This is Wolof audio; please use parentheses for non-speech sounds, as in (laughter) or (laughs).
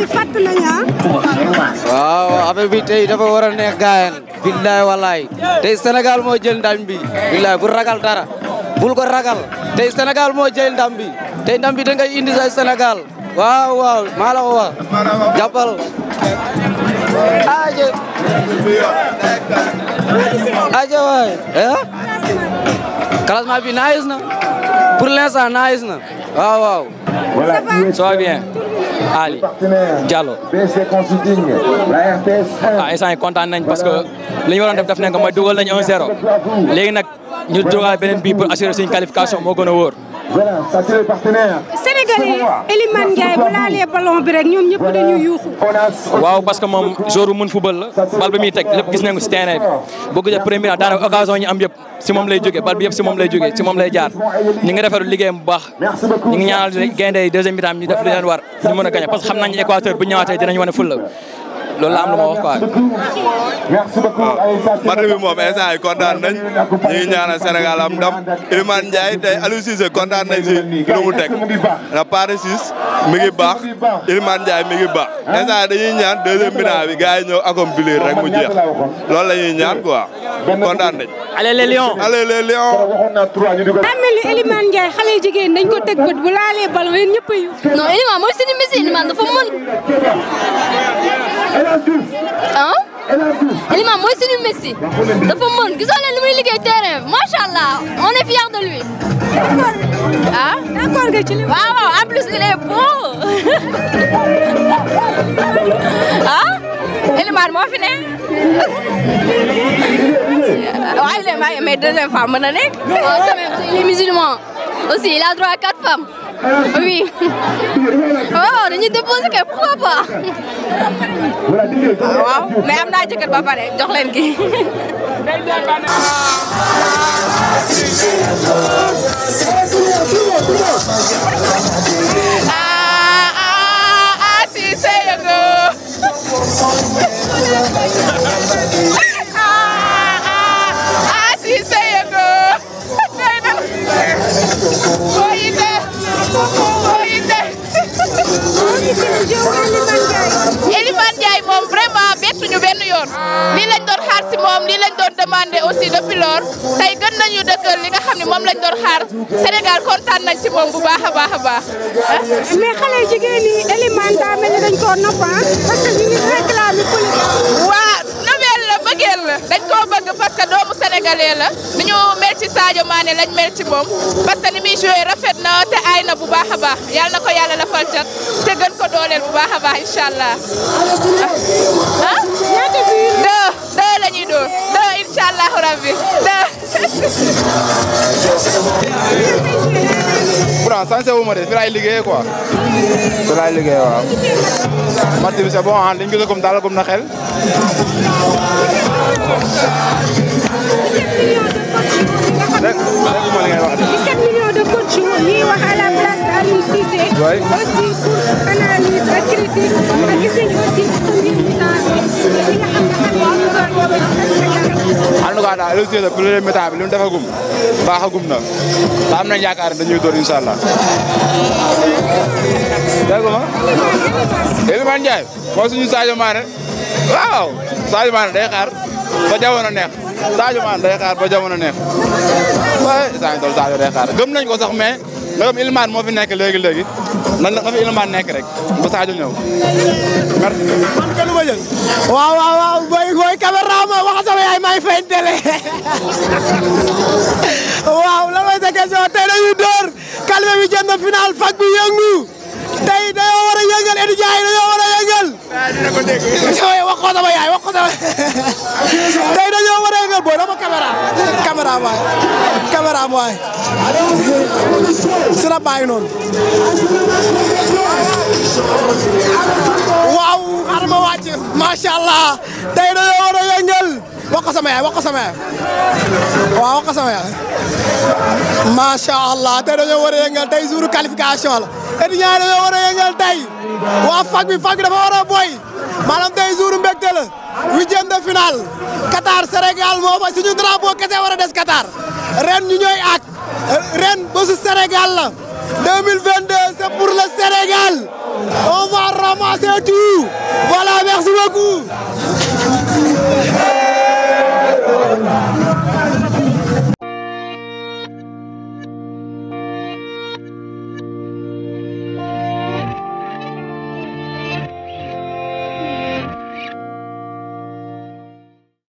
bi fatt ah. waaw affaire bi tey dafa war a neex gaayen billaay tey Sénégal moo jël ndam bi billaay bu ragal dara ko ragal tey Sénégal moo jël ndam bi tey ndam bi indi sa Sénégal waaw waaw maa la ko wax aje aje waay ah classement bi nice na pour l'instant nice na waaw waaw ça va bien Ali Diallo. ah instant yi kontaan nañ parce que li ñu waroon def def nañ ko mooy dugal nañu 1-0 léegi nag ñu dugal beneen bii pour assurer suñu qualification moo gën a wóor. laalee Elimane Ndiaye bu laalee ballon bi rek ñoom ñëpp dañu yuuxu. waaw parce que moom jour bu mën football la bal bi muy teg lépp gis nañu ko si terrain bi boo ko jëlee première daanaka occasion ñu am yëpp si moom lay jógee bal bi yëpp si moom lay jógee si moom lay jaar. ñu ngi rafetlu liggéey bu baax ñu ngi ñaanal gaynde deuxième mi-temps ñu def lu leen war ñu mën a gagné parce que xam nañu Équateur bu ñëwaatee dinañ wane fulla loolu am lu ma wax quoi. waaw match bi moom instant yi kontaan nañ ñu ngi ñaanal Sénégal am ndam Iliman Ndiaye tey Aliou Cissé kontaan na Paris 6 mi Iliman Ndiaye mi ngi baax instant dañuy ñaan deuxième minute bi gars yi ñëw accomplir jeex loolu la ñuy ñaan quoi kontaan nañ. allez les lions allez les lions. daa ni Iliman Ndiaye a ah. Elimane mooy suñu Messi dafa mën gisoo leen li muy liggéey terrain bi macha allah on est fier de lui. ah d'accord nga ci li waaw waaw en plus il est beau ah (laughs) Elimane moo fi ne waaye il est mais deuxième femme mën na nekk. waaw oh, quand même il est musulman aussi il a droit à quatre femmes. Oui. waaw dañuy déposé kay pourquoi pas. am naa jëkkër ba pare jox leen lor lii lañ doon xaar si moom lii lañ doon demandé aussi depuis lors gën nañu dëkkal li nga xam ne moom lañ doon xaar Sénégal kontaan nañ ci moom bu baax a baax a baax. mais xale jigéen ñi Elimane daa mel ni dañ koo nopp ah, ñu ngi réclamer politique. waa nouvelle moom parce ni muy joué rafet na te aay na bu baax a na ko yàlla la fal te gën ko dooleel bu baax a baax dóor dóor rabbi dóor. pourtant sànse wu ma de fi laay liggéeyee quoi. fi laay liggéey waaw. match bi c'est bon ah liñ gis comme daal comme na xel. dégg nga li ngay wax de. 17 millions de coach ñuy wax à la place d'Aliou Cissé. aussi pour analyse ak critique ak gis nañu aussi. en tout cas daal électricité la premier méta bi li mu defagum baaxagum na te am nañ yaakaar dañuy door incha allah. dégg nga Elimane Ndiaye mooy suñu waaw Sadio Mané day xaar ba jamono neex Sadio Mané day xaar ba jamono neex waaye Sadio Sadio nga xam Ilimane moo fi nekk léegi léegi nan la fi Ilimane nekk rek ba Sadio ñëw merci. man kenn ma jël. waaw waaw waaw booy booy caméra ma wax yaay maa ngi fay télé (laughs) waaw lan mooy sa question tey door Calvé bi jëm na final bi yëngu tey dañoo war a yëngal étudiants yi war a yëngal. (laughs) waaw yaay (laughs) caméra waay caméra waay si tey dañoo war a yëngal wax yaay wax ko sama yaay waaw wax ko sama yaay macha tey dañoo war qualification la étudiants yi dañoo tey waa bi fac bi dafa war a boy maanaam tey jour mbégte la huitième de finale Qatar Sénégal moo fa suñu drapeau kese war a des Qatar ren ñu ñooy ak ren bésu Sénégal la 2022 c'est pour le Sénégal on va ramasser tout voilà merci beaucoup.